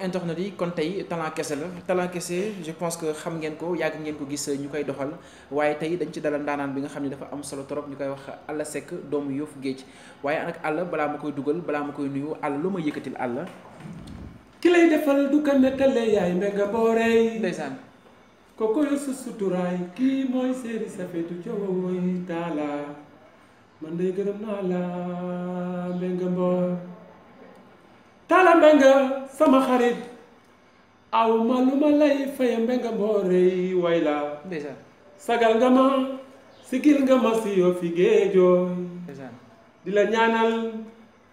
mbokk internet yi kon tey talent kese la talent kese je pense que xam ngeen ko yàgg ngeen ko gis ñu koy doxal waaye tey dañ ci dalal ndaanaan bi nga xam ne dafa am solo trop ñu koy wax Alla Seck doomu Yoff Géej waaye nag àll balaa ma koy dugal balaa ma koy nuyu Alla lu ma yëkkatil Alla ki lay defal du ko nettale yaay mbega boorey ndeysaan kooku yor sa suturaay kii mooy séeri safetu coowoy taala man day gërëm naa la mbega mboor tala mbenga sama xarit aw ma lu ma lay faye mbenga mboo rëy way la sagal nga ma sigil nga ma si yoo fi géejooy di la ñaanal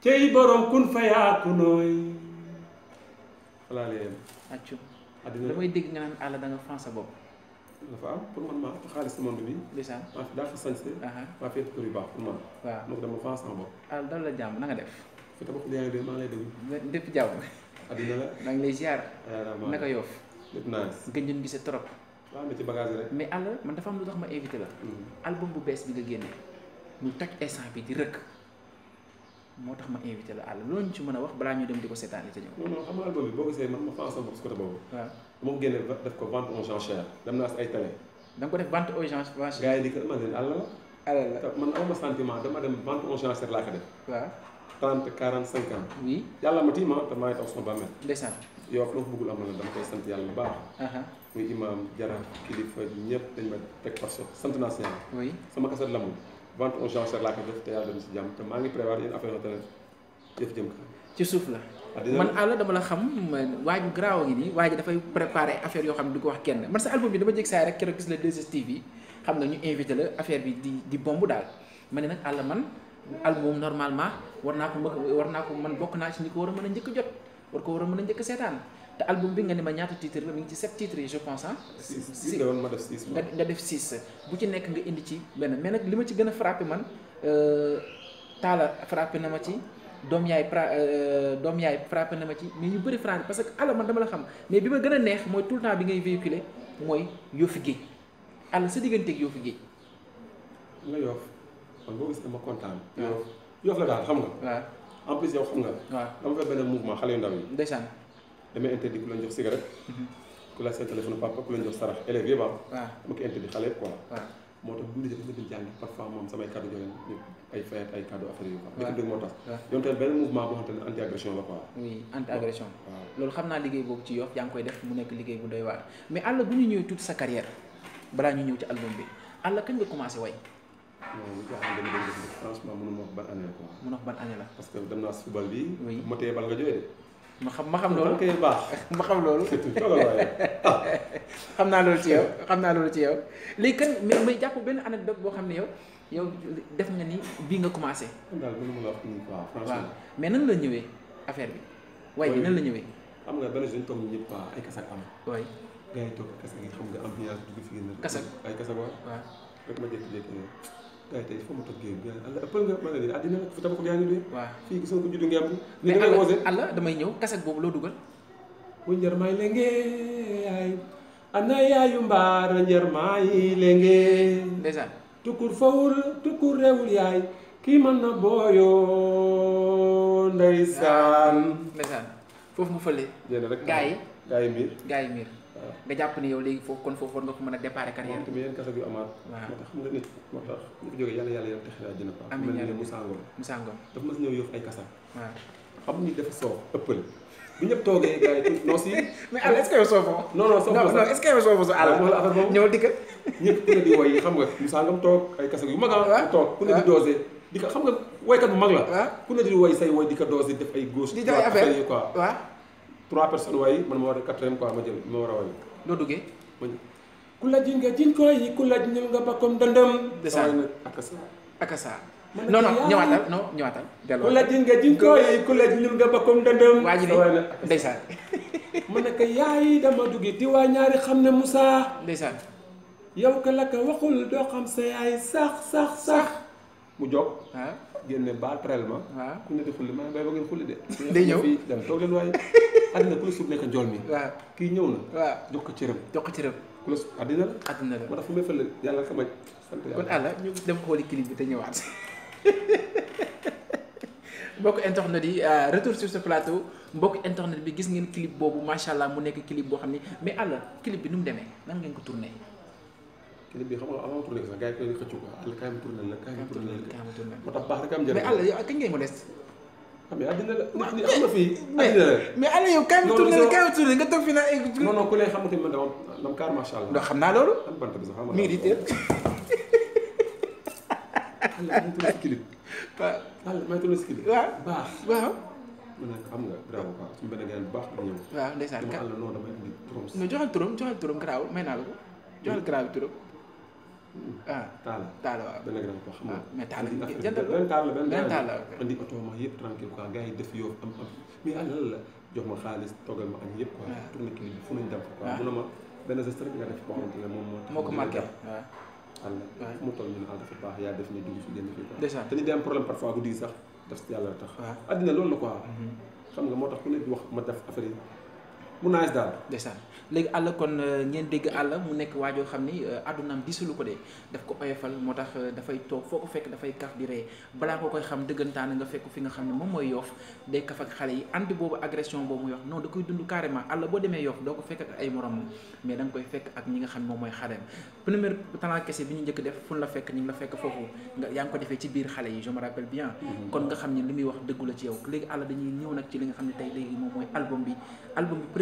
cey borom kun fayaaku nooy xalaale yéen accu damay dégg nga naan àll da nga fan sa bopp dafa am pour man maa ëpp xaalis si monde bi. ndeysaan maa fi daa fa sañse. fi ëpp kër yu baax pour man. waaw donc dama fan sama bopp. ah dal la jàmm def. Kita tabax lien bi maa ngi lay Di lépp jàmm. adduna la eh, maa ngi lay ziar. naka yoof. lépp naa gëj gise trop. waaw ah, na ci bagage rek. mais anu, àll man dafa am lu tax ma invité gitu la. Hmm. album bu Bes bi nga génne. ñu toj instant bi di rëkk. moo tax ma invité la àll loolu ñu ci mën a wax balaa ñu dem di ko seetaan gitu li non non xam album bi boo ko man ma faa sama bopp si côté boobu. waaw dama ko génne def ko vente aux enchères dem naa ay télé. da ko def vente aux enchères. gars di ko man leen àll la. àll la man aw sentiment dama dem vente aux enchères ko def. 30 45 oui yàlla ma tiima te maa ngi sama bàmmeel. ndeysaan yow ak loo bëggul amal dama koy sant yàlla bu baax. muy imaam jaraaf kilifa ñëpp dañ ma sant oui sama kaset lamb vingt et un janvier laa ko te yàlla dem si jam. te maa ngi prévoir yéen affaire yoo xam jëm ka ci suuf la. man àll dama la xam waa ju gi nii waa ji dafay affaire xam du ko wax kenn man sa album bi dama rek gis la xam ñu la affaire bi di di bomb daal ma man. album normalement war naa ko war naa ko man bokk naa ci ñi ko war a mën a njëkk jot war ko war a mën a njëkk seetaan te album bi nga ne ma ñaata titre la mi ngi ci sept titres yi je pense ah. six six def six nga bu ci nekk nga indi ci benn mais nag li ma ci gën a frappé man euh, Talla frappé na ma ci doom yaay pra euh, doom yaay frappé na ma ci mais ñu bëri frappé parce que ala man dama la xam mais bi ma gën a neex mooy tout le temps bi ngay véhiculer mooy Yofi Géej ala sa digganteeg Yofi Géej. man boo gis ne ma kontaan. yow yof la daal xam nga. en plus yow xam nga. waaw dama fay benn mouvement xale yu ndaw yi. ndeysaan. damay interdit ku leen jox cigarette. Mm-hmm. ku la seen téléphone papa ku leen jox sarax élèves yëpp ah. waaw dama koy interdit xale yëpp quoi. moo moom samay kaddu yooyu naa liggéey boobu ci Yoff yaa ngi koy def mu nekk liggéey bu doy waar mais àll bu ñu ñëwee tuuti sa carrière balaa ñu ñëw ci album bi àll kañ nga commencé way moom nga xam ne dañu doon franchement mënuma wax ban wax ban année la. parce que dem naa si football bi. moo ma téye bal nga jógee de. ma xam ma xam loolu baax ma xam loolu. xam naa loolu ci yow xam naa loolu ci yow léegi kan mais may jàpp benn anecdote boo xam ne yow yow def nga ni bii nga commencé. daal mënuma mais nan la ñëwee affaire bi. waaye bi nan la ñëwee. am nga benn jeune toog ñëpp ay kasak am. waay gars yi toog kasak yi xam nga ambiance dugg fi ngeen. kasak ay kasak waaw. gars yi tey foo ma toggee bi àlla ëppal nga ma nga de àddina nag fu tabax yaa ngi dee waaw fii gis ko juddu ngemb ni da ngay osé damay ñëw kaset boobu loo dugal bu njar may lenge yaay ana yaayu mbaar njar may lenge ndeysaan tukkur fawul tukkur yaay kii mën na booyo ndeysaan ndeysaan foofu mu fële gaa yi gaa yi miir gaa yi miir nga jàpp ne yow léegi foofu kon foofu war nga ko mën a déparé carrière bi yéen kaso bi amaat moo tax xam nga nit moo tax mu ko jógee yàlla yàlla yow texila dina pa mel ni Moussa Ngom xam ni sa àll wala affaire boobu ñëw dikka ñëpp xam nga Moussa Ngom toog ay kasam yu mag ah, ah, ku ne di ah. dosé di ko xam nga woykat bu mag la ku ne di woy woy di ko def ay gauche di jox affaire quoi waaw trois personnes waaye man ma war a quatrième quoi ma jël ma war a waaye. noo duggee. ku la ji nga jiñ ko yi ku la jiñal nga bakkoom dëndëm. desaan akasa akasa. non non ñëwaatal non ñëwaatal. delloo ku la ji nga jiñ ko yi ku la jiñal nga bakkoom dëndëm. waa ji ne ndeysaan. mu ne ko yaay dama duggi di waa ñaari xam ne Moussa. saa yow ka la ko waxul doo xam sa yaay sax sax sax. mu jóg ah. génne baal tëral ma. waaw ah. ku ne deful li ma bay ba ngeen xulli de. day ñëw fii dem toog leen waaye. àddina ku la suuf nekk njool mi. waaw ah. kii ñëw na. waaw ah. jox ko cëram. jox ko cëram. ku la suuf àddina la. fu may fële yàlla sama sant yàlla. kon àlla ñu dem xooli clip bi te ñëwaat. mbokk internet yi retour sur ce plateau mbokk internet bi gis ngeen clip boobu macha allah mu nekk clip boo xam ni mais àlla clip bi nu mu demee nan ngeen ko tourné. te bi xam nga avant tourné sax gars yi koy xëccu quoi àll kaay ma tourné la kaay ma tourné la moo tax baax rek am njëriñ mais àll yow kañ ngay ma des xam ah, nga àddina la nit ñi am na fii àddina la mais àll yow kaay ma tourné la kaay ma tourné nga toog fi naa eh, non non ku lay xamante ni man dama dama kaar macha allah xam naa loolu am bant bi sax mi ngi di teel àll tourné si clip waaw àll may tourné si clip waaw baax waaw mën naa ko xam nga bravo quoi suñu benn gars bu baax bu ñëw waaw ndeysaan àll non damay indi turam non joxal turam joxal turam garaawul may naa la ko joxal garaaw turam ah, ah taala taala waaw benn grand ko xam nga ah, mais taala jëndal benn taala benn benn taala andi oto ma yëpp tranquille quoi gars yi def yow am am mais alal la jox ma xaalis toggal ma añ yëpp quoi ah. tourné moom moo moo ko marqué waaw mu toll ñu ne àll dafa baax yaa def ñu dugg fi génn fii quoi te ni day am problème parfois guddi sax def si yàlla tax addina loolu la quoi mhm. xam nga moo tax ku ne di wax ma def affaire yi mu naaj daal. ndeysaan léegi àll kon euh, ngeen dégg àll mu nekk waajoo xam ni euh, àddunaam disalu ko de daf ko oyofal moo tax euh, dafay toog foo ko fekk dafay kaf di ree balaa ko koy xam dëggantaan nga fekk fi nga xam ne moom mooy yoof day kaf ak xale boobu agression boobu muy wax non da koy boo demee yoof doo ko fekk ak ay morom mais da xam ne moom mooy xaleem première talent kese bi ñu njëkk def fu la fekk ñu ngi la fekk foofu nga yaa ngi ko defee ci biir xale yi je me rappelle bien mhm. kon nga xam ne li muy wax dëggu la ci yow léegi àll dañuy ñëw nag ci li nga xam ne tey léegi moom mooy album bi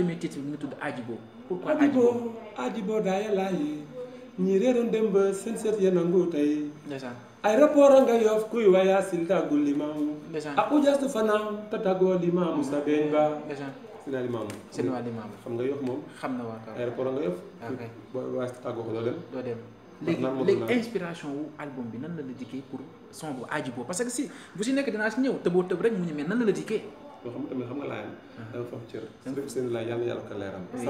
premier titre bi mu tudd Ajibo pourquoi Ajibo Ajibo daaya laayi ñi réeroon démb seen seet ya nangu tey aéroport a nga yoof kuy waya sil tàggul limaamu ak ujastu fanaaw te tàggoo limaamu sa beeñ ba sina limaamu sina limaamu xam nga yoof moom xam na waa kaw aéroport a nga yoof boo waya tàggoo ko doo dem doo dem léegi léegi inspiration wu album bi nan la la dikkee pour son bu Ajibo parce que si bu si nekk dinaa si ñëw tëboo tëb rek mu ñu mee nan na la dikkee yoo xam tamit xam nga ah.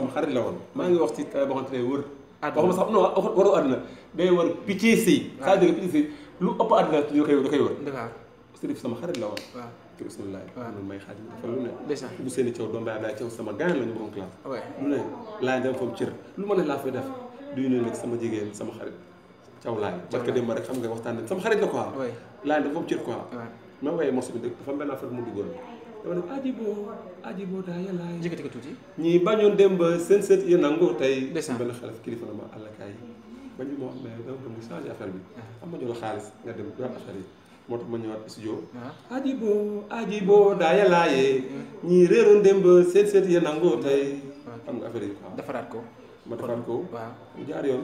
ah. la woon maa ngi wax ci kaay boo xam ne wër waxuma sax lu ëpp àdduna ñu koy da koy la woon kër seen laay loolu may ne bu seen i coow doom baay la ñu boroom lu ne laay dama foog cër lu ma ne laa fay def duy ne nag sama jigéen sama xarit caw laay parce que dem ma rek xam nga waxtaan sama xarit la quoi laay dafa foog cër quoi ma waaye morceau bi dafa am benn affaire mu duggoon dama ne aji bo, aji bo daya yàlla yi jëkkati ko tuuti ñi bañoon dem ba seen seet yéen nangoo tey benn xaalis kilifa la ma àll kaay bañ bi moo xam ne dama bëgg changer affaire bi am ma jox xaalis nga dem jox affaire yi moo ma studio aji bo, aji bo daya yàlla ñi réeroon dem ba seen seet yéen nangoo tey am affaire yi ko ma defaat ko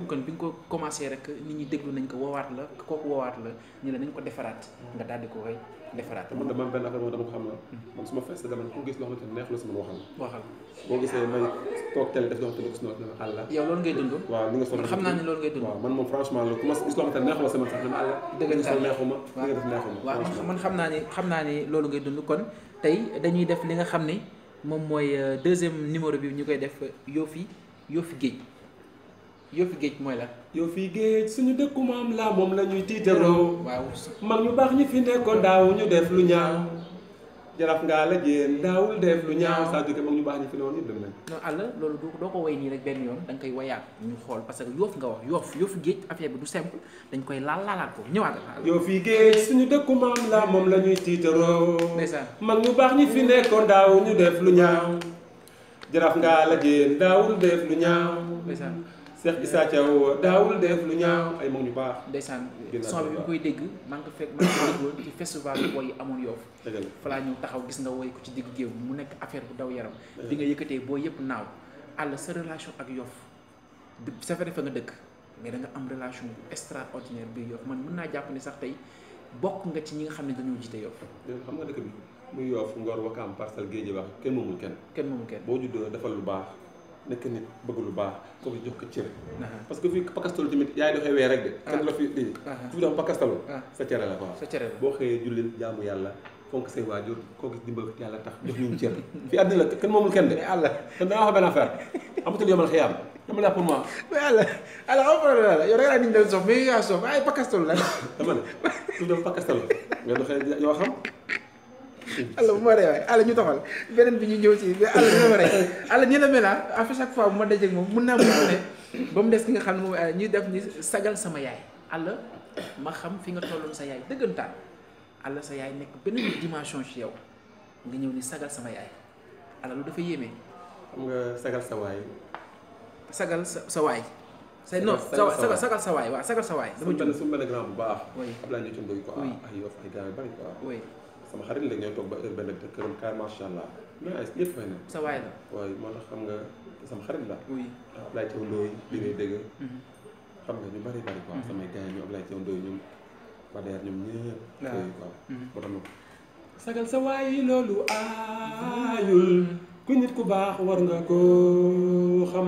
kon bi nga ko commencé rek nit ñi déglu nañ ko woowaat la kooku woowaat la ñu la nañ ko defaraat hmm. nga daal di ko defaraat man dama benn affaire moo xam na hmm. ma fees gis loo xamante ne neex la sama waxal waxal boo gisee may toog télé def loo xamante ne gis naa waaw xam naa ne man xam naa ni xam naa ni loolu ngay dund kon tey dañuy def li nga xam ne moom mooy euh, deuxième numéro bi ñu koy def Yofi yof géej yof géej mooy la yofi géej suñu dëkku maam la moom la ñuy tiitaroo waaw mag ñu baax ñi fi nekkoon daaw ñu def lu ñaaw jaraf ngaa la jéen daawul def lu ñaaw saa jóge mag ñu baax ñi fi newoon yëpp dem nañ non àll loolu du ko way nii rek benn yoon da koy wayaat ñu xool parce que yoof nga wax yoof yoofi géej affaire bi du simple dañ koy laal ko suñu la mag ñu ñi fi daaw ñu def lu ñaaw jaraf nga la jéen daawul def lu ñaaw ndeysaan Cheikh isa ciao daawul def lu ñaaw ay mo ñu baax ndeysaan son bi koy dégg maa ngi ko fekk maa ngi ko ci festival woy yi amoon yoof falaa ñu taxaw gis nga way ko ci digg geew mu nekk affaire bu daw yaram bi nga yëkkatee boo yëpp naaw àll sa relation ak yof sa fa nga dëkk mais da nga am relation extraordinaire bi yof man mën naa jàpp ne sax tey bokk nga ci ñi nga xam ne dañoo jiite xam nga dëkk bi muy yoof ngor wakaam parcelle géej wax kenn moomul kenn kenn moomul kenn boo juddoo defal lu baax nekk nit bëgg lu baax kooku jox ko cër parce que fii pakastalu tamit yaay doxee weer rek de kenn la fi di fu fi dox pakastalu sa cere la quoi sa cere la boo xëyee jullit jaamu yàlla fonk say waajur koo gis dimbal yàlla tax jox ñu cër fii àddina la kenn moomul kenn de àlla kon dangaa wax benn affaire amatul yomal xiyaam dama la pour moi mais àlla àlla am problème àlla yow da nga nit dañ soof mais yaa soof ay pakastalu la dama ne fu dox pakastalu nga doxee yoo xam allah bu ma rey waaye allah ñu toxal beneen bi ñu ñëw ci allah dina ma rey allah nii la mel ah, à chaque fois bu ma dajeeg moom mun naa mun ne ba mu des ki nga xam ne moom ah, ñuy def ni sagal sama yaay allah ma xam fi nga tolloon sa yaay dëggantaan sa yaay nekk beneen dimension ci yow ñëw ni sagal sama yaay allah lu dafa yéeme. sagal sa waay. sagal sa sa waay. sa non sa sagal sa waay waaw sagal sa waay. dama jóg su ma grand bu baax. oui sama xarit la ñoo toog ba heure benn këram kaar macha allah mais ay ñëpp sa waay la waaye moo tax xam nga sama xarit la. oui Ablaye Thiaw Ndoye bi ngay dégg. Mm-hmm. xam nga ñu bari bari quoi. Mm-hmm. samay gars yi ñoom Ablaye Thiaw ñoom Pader ñoom ñëpp. waaw mm-hmm. sagal sa waay loolu aayul ku nit ku baax war nga ko xam.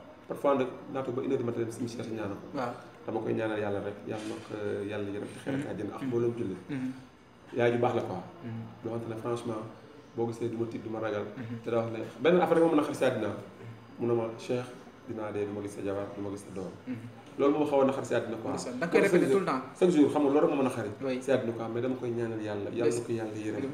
parfois nag naa toog ba une dama koy ñaanal yàlla rek yàlla na ko yàlla yërëm ci xel ak mm-hmm. àjjana ak mm-hmm. mbooloom julli. Mm-hmm. yaay ju baax la quoi. loo xamante ne franchement ma ragal. te daa ne benn a si àddina mu ne sa jabar du a naxar si àddina chaque jour xam loolu rek ma mën a xari. oui si àddina quoi mais dama koy ñaanal yàlla yàlla na ko yàlla yërëm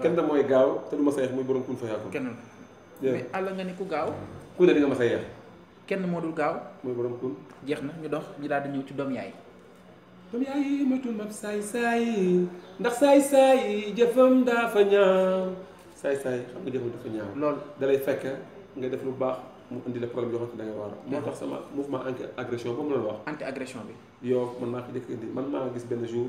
kenn da mooy gaaw te duma sayex muy borom kun fa yaakum kenn mais àll nga ni ku gaaw ku ne di nga ma sayex yeex kenn moo dul gaaw muy borom kun jeexna ñu dox ñu daal di ñëw ci dom yaay dom yaay moytul mab say say ndax say say jeufam da fa ñaaw say say xam nga jeufam da fa ñaaw lool dalay fekk nga def lu baax mu andi le problème yo xam da nga war mo tax sama mouvement anti agression bu mu la wax anti agression bi yo man ma fi dekk indi man ma gis ben jour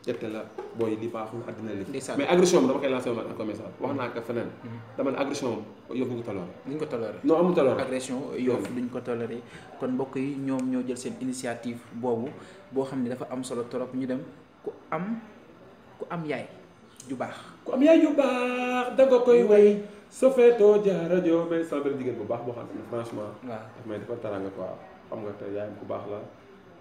jette la booy li baaxul àddina li mais agression dama koy lancé woon comme message wax naa ko feneen mm-hmm. dama ne agression yow ñu ko tolloore luñ ko tolloore non amul tolloore agression yow ko mbokk yi ñoom ñoo jël seen initiative boobu boo xam ne dafa am solo trop ñu dem ku am ku am yaay ju baax ku am yaay da nga koy way sa feetoo jaara joo mais sama bu baax boo xam ne franchement waaw daf may defal taranga quoi xam nga te yaayam ku baax la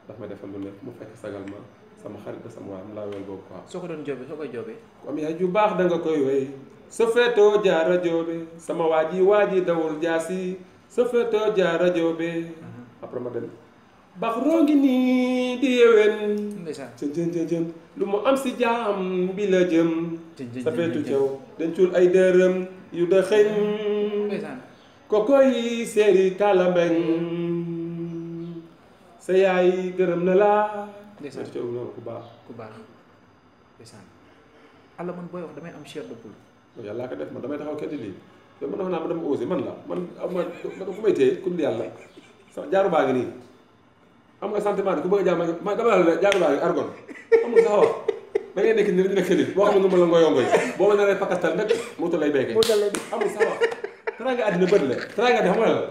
daf may defal lu nekk mu fekk sagal ma sama xarit ba sama waam laa wel boobu ko doon yaay ju baax da nga koy wey sa feetoo jaara joobe sama waa ji waa ji dawul jaasi sa feetoo jaara joobe. Mhm. après baax roo ngi nii di yewen. jën jën jën lu mu am si jaam bi la jëm. sa feetu jëw dencul ay dërëm yu da xëñ. ndeysaan kokoy seeri taala sa yaay gërëm na laa. ndeysaan coow loolu ku baax ku baax ndeysaan allah man booy wax damay am chair de poule oh, yàllaa ko def man damay taxaw kenn lii yow man wax naa ma dama osé man la man ma ku may téye ku yàlla sax jaaru baa ngi nii am nga sentiment de ku bëgg a jaar ma dama la jaaru baa ngi argon am nga sax da ngay nekk nii dañu nekk nii boo xam ne nga mën la ngoyongo yi boo ma naree pakastal nag moto lay béykee amul sax wax teraanga àddina bëri la teraanga di xam nga la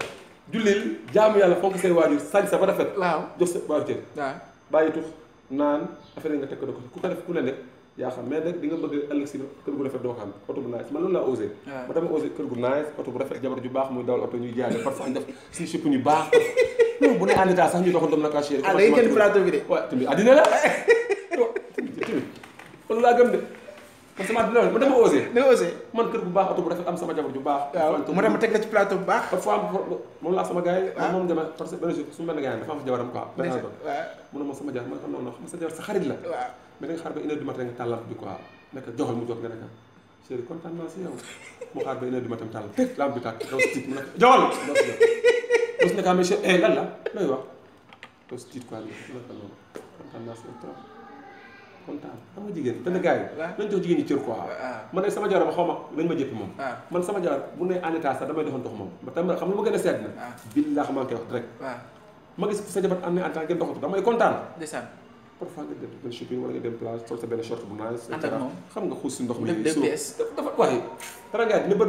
jullil jaamu yàlla fonk say waajur sañ sa ba rafet waaw jox sa waajur waaw bàyyi tux naan affaire nga teg ko doog ku ko def ku la yaa xam mais nag di bëgg ëllëg si kër gu rafet doo ko am oto bu nice man loolu laa osé. ma dama osé kër gu nice oto bu rafet jabar ju baax muy dawal oto ñuy jaay parfois ñu def si supp ñu baax. non bu ne en ah, la tamit tamit loolu laa gëm de. man sama àdduna la man dama osé. dama osé man kër bu baax oto bu rafet am sama jabar ju baax. waaw mu dem teg la ci plateau bu baax. parfois moom laa sama gars yi. waaw moom dama parce que benn jour suñu benn gars yi dafa am jabaram quoi. benn jour waaw mu sama jabar man xam naa xam sa jabar sa xarit la. waaw mais da nga xaar ba une heure du matin nga tàllal bi quoi nekk joxal mu jox nga nekk chéri kontaan naa si yow mu xaar ba une heure du matin tàll lamp bi tàkk daw si mu ne joxal doo si jox doo si lan la looy wax doo si quoi nekk noonu kontaan naa si yow trop kontaan xam ah, nga jigéen dana ah, gars yi ah. nañ jox jigéen ñi cër quoi man ma nañ ma jëpp moom sama bu ne en état sax damay doxantox moom ba tam xam a na si ndox mi so dafa waaye tarangaay dina bët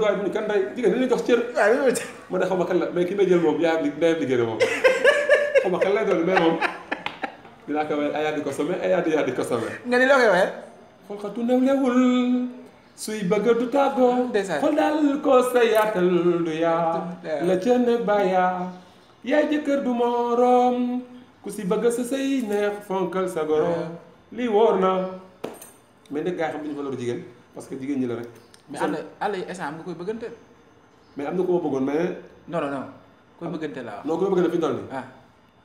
xaw ma kan la mais ki may jël moom yaayam liggéey moom xaw ma kan lay doon mais moom Dilakawai ayadi ko di ayadi yadi ko somé. Nga ni lako ah. yowe? Xol xatu nawlewul. Suy bëgg du tàggoo. Xol daal ko sa yaatal du yaa. La ca ne bàyyaa. Yaay jëkkër du morom. Ku si bëgg sa say neex fonkal sa goro. Lii wóor na. Mais nag gaa xam duñu fa loru jigéen parce que jigéen ñi la rek. Mais àll àll yi instant nga koy bëggante. Mais am na ko ma bëggoon mais. Non non non. koy bëggante laa wax. Non koy bëggante fi toll nii.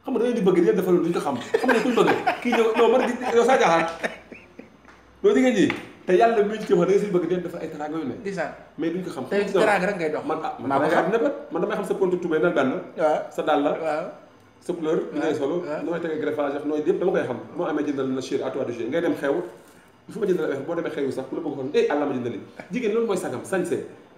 xam nga da di bëgg yéen defal duñ ko xam xam nga kuñ bëgg kii ñëw yow man yow te yàlla mi ci wax nga siy bëgg di defal ay teraanga yu mais xam te teraanga rek ngay dox man ah man xam ne man damay xam sa pontu tubéy nan benn waaw sa dàll la waaw sa couleur bi ngay solo nooy yëpp dama koy xam moo amee na chir à toi de jeu ngay boo demee xew sax ku la bëgg xoon eh àlla ma jëndali jigéen loolu mooy sagam sañse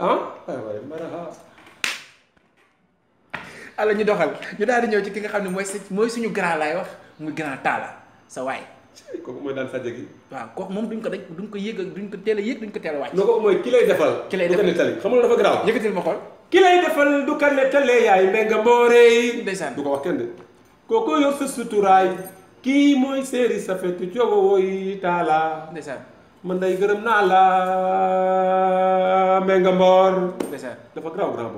ah, ah maraha ala ñu doxal ñu daal di ñëw ci ki nga xam ne mooy mooy suñu grand laay wax muy grand taala sa waay kooku mooy daan sàjj gi waaw kooku moom duñ ko daj duñ ko yëg duñ ko teel a yëg duñ ko teel a wàcc no kooku mooy ki lay defal ki lay defal du ko nettali xam nga dafa garaaw yëkkatil ma xool ki defal du ko nettalee yaay mbénga mbooreey ndeysaan du ko wax kenn de kooku yor sa suturaay kii mooy séeri safetu cogo wooy taala ndeysaan mën day gërëm naa la Mbengue Mbor. dafa graw graw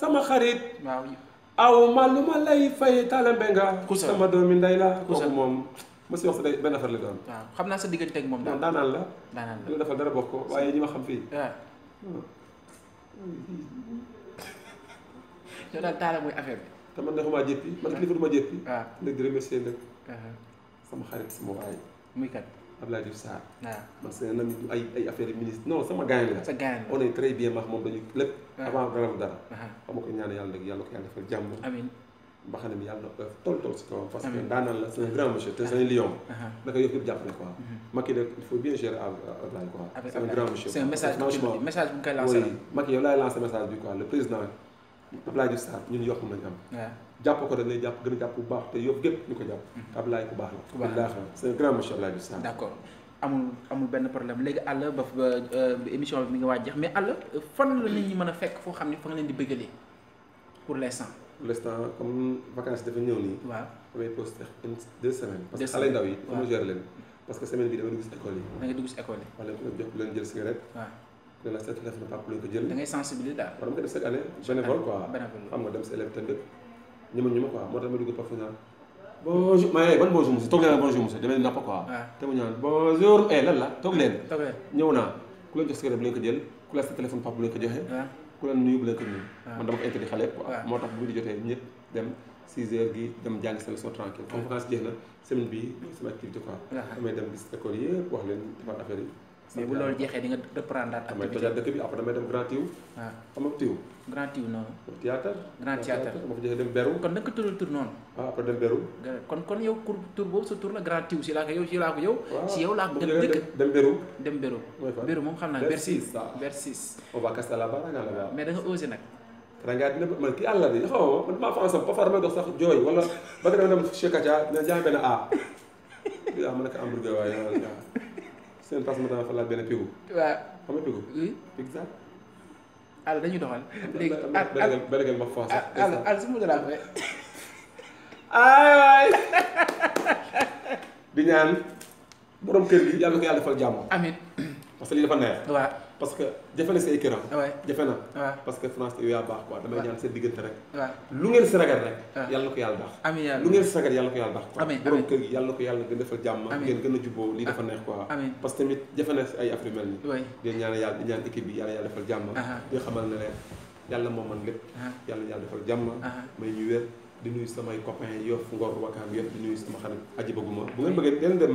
sama xarit. waaw iya. aw ma lu ma lay fay Tala Mbengue. sama doomi ndey la. kooku moom monsieur wax day benn affaire la doon. waaw xam naa sa diggante ak moom daal daanaan la. daanaan la defal dara bokk ko waaye ñi ma xam fii. yow daal Talla mooy affaire bi. te sama xarit sama waay. muy Abdoulaye Diouf Sarr. waaw man c'est un ami du ay ay affaire ministre non sama gaañ la. sa gaañ la on est très bien max moom dañu lépp. avant dara dara. xam ko ñaan yàlla rek yàlla ko yàlla defal jàmm. amiin mbaxana mi yàlla na toll toll si kawam. parce que daanaan la c'est un grand monsieur te c'est un lion. naka yëpp yëpp jàppale quoi. Macky nag il faut bien gérer Abdoulaye quoi. c'est un grand monsieur. c'est un message bu message bu ñu koy lancer la. oui Macky yow laay lancer message bi quoi le président. Ablaye Diouf Sarr ñun yoo xam am jàpp ko dañ lay jàpp gën a bu baax te yóbbu gépp ñu ko jàpp mm-hmm. ku baax la billah c'est un grand monsieur Ablaye Diouf Sarr d'accord amul amul benn problème léegi allah. ba euh, émission bi mi ngi waaj mais àll fan la nit ñi mën fekk foo xam fa nga leen di bëggalee pour l'instant pour l'instant comme vacances dafa ñëw nii waaw damay posté deux semaines parce que ndaw yi gérer leen parce que semaine bi dama dugg école yi da nga dugg école yi wala jox leen jël cigarette waaw de la seet def na Pape Lo ko jël. da ngay sensibiliser daal. war nga def chaque année. bénévole quoi xam nga dem si élève tamit ñuma ñuma quoi moo tax ma dugg parfois naan bonjour maa ngi bonjour monsieur toog leen bonjour monsieur demee napp quoi. waaw ah. te mu ñaan bonjour eh lan la toog leen. toog leen ñëw naa ku leen jox cigarette bu leen ko jël ku la sa téléphone Pape bu leen ko joxe. Ah. ku leen nuyu bu leen ko nuyu. Ah. man dama ko interdit xale quoi. moo tax bu ñu jotee ñëpp dem 6 heures gi dem jàng sa leçon tranquille conférence jeex na semaine bi sama activité quoi. damay dem gis école yëpp wax leen defaat affaire yi. mais bu loolu jeexee di nga reprendre ak. damay tojaat dëkk bi après damay dem grand tiw. waaw xam nga grand théâtre. grand théâtre dem kon tur non. Ah, après dem kon kon yow kur tur boobu sa la grand si laa yow si laa ko yow. Ah, si yow laa ko dem dëkk dem beru. dem beru. Oh, beru moom xam naa Bercy. on va casser la barre là mais da nga osé nag. rangaat dina man kii àll bi xaw man dox sax wala ba nga dem A. yaa ma nekk hamburger seen tas ma dama fa laaj benn pigu. waaw xam nga pigu. pigu hmm? sax. àll dañuy doxal. léegi àll benn ma foofu sax. àll àll su ma la amee. ay di ñaan borom kër gi yàlla ko yàlla defal jàmm. amiin parce lii dafa neex. waaw. parce que jafe na si ay këram. jafe na parce que France yow yaa baax quoi damay ñaan seen diggante rek. lu ngeen si ragal rek. yàlla na ko yàlla baax. amiin lu ngeen si ragal yàlla na ko yàlla baax. amiin borom kër gi yàlla na ko yàlla gën a defal jàmm. ngeen gën a jubóo lii dafa neex quoi. parce que tamit jafe na si ay affaire yu mel nii. di ñaan yàlla di ñaan équipe bi yàlla yàlla defal jàmm. Uh-huh. di xamal ne leen yàlla moo man lépp. Uh-huh. yàlla yàlla defal jàmm. Uh-huh. may ñu wér di nuyu samay copains Yoff Ngor Wakaam Yoff di nuyu sama xarit aji bëgguma bu ngeen bëggee leen dem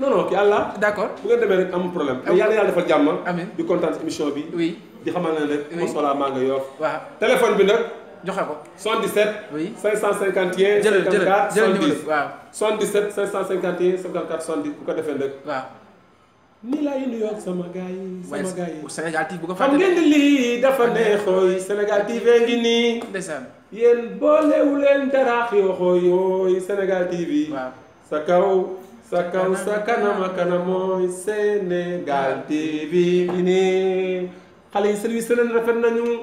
non non ok. Allah, D'accord. bu avez un rek problème. amul yàlla di De oui di vous rek. oui téléphone bi D'accord. vous ko 77. oui 551. 74. 70 77 551 74, 70 ko defee nag. un nii Vous sama sama Sénégal TV bu ko xam ngeen li dafa Sénégal TV ngi ni Vous yeen bolé Sénégal TV. sa kaw. sa kaw sa kanam kanam mooy Sénégal TV bi nii xale yi service leen rafet nañu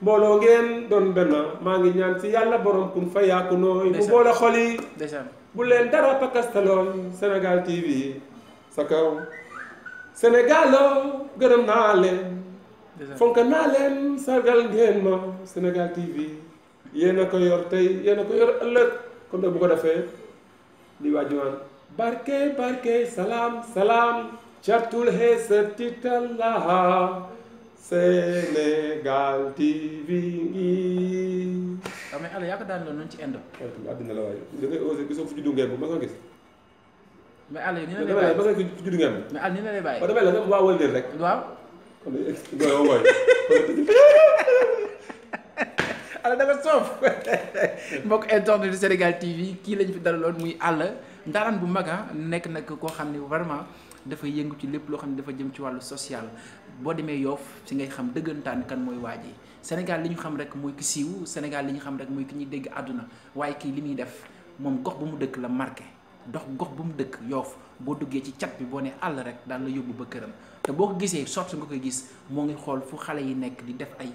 mbooloo ngeen doon benn maa ngi ñaan ci yàlla borom kun fa yàqu nooy bu boole xol yi bu leen dara pakastaloon Sénégal TV sa kaw Sénégalo gërëm naa leen fonk naa leen sargal ngeen ma Sénégal TV yéen a ko yor tey yéen ko yor ëllëg comme da bu ko defee li waa jiwaan barke barke salaam salaam catul he setitallah Sénégal TV ngi. waaw mais Alla daan loon noonu ci indo. waaw addina la waay da fu juddu ngeen bu ma soo gis. mais Alla ni la lay bàyyi damay fu juddu ngeen mais Alla ni la ala dafa sof mbok internet du senegal TV ki lañ fi dalalon muy ala ndaran bu maga nek nak ko xamni vraiment dafa yëngu ci lepp lo xamni dafa jëm ci walu social bo demee yof ci ngay xam dëggantaan kan moy waji senegal liñu xam rek moy ki siwu senegal liñu xam rek moy ki ñi dégg aduna ki limi def mom gox bu mu dëkk la marqué dox gox bu mu dëkk yof bo duggé ci chat bi bo né all rek dal la yobbu ba kërëm té boko ko gisee nga koy gis mo ngi xol fu xalé yi nek di def ay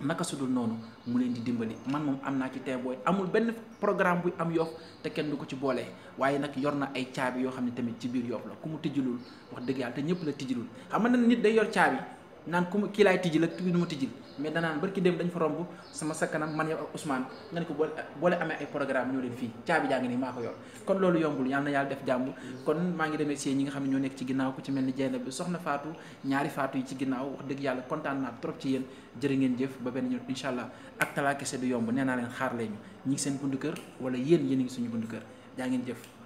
naka su dul noonu mu leen di dimbali man moom am naa ci tee booy amul benn programme buy am yoof te kenn du ko ci boole waaye nag yor na ay caabi yoo xam ne tamit ci biir yoof la ku mu tijjilul wax dëgg yàlla te ñëpp la tijjilul xam nga nit day yor caabi naan ku mu kii laay tijjil ak kii du ma tijjil mais danaan barki dem dañ fa romb sama sa kanam man yow ak nga ne ko boole boole amee ay programme ñoo leen fii caabi jaa ngi nii maa ko yor kon loolu yombul yàlla na yàlla def jàmm kon maa ngi remercier ñi nga xam ne ñoo nekk ci ginnaaw ko ci mel ni Jeyna bi soxna Faatu ñaari Faatu yi ci ginnaaw wax dëgg yàlla kontaan naa trop ci yéen jërë ngeen jëf ba benn yoon incha allah ak talaa kese du yomb nee naa leen xaar leen ñi ngi seen bundu kër wala yéen yéen ngi suñu bundu kër jaa ngeen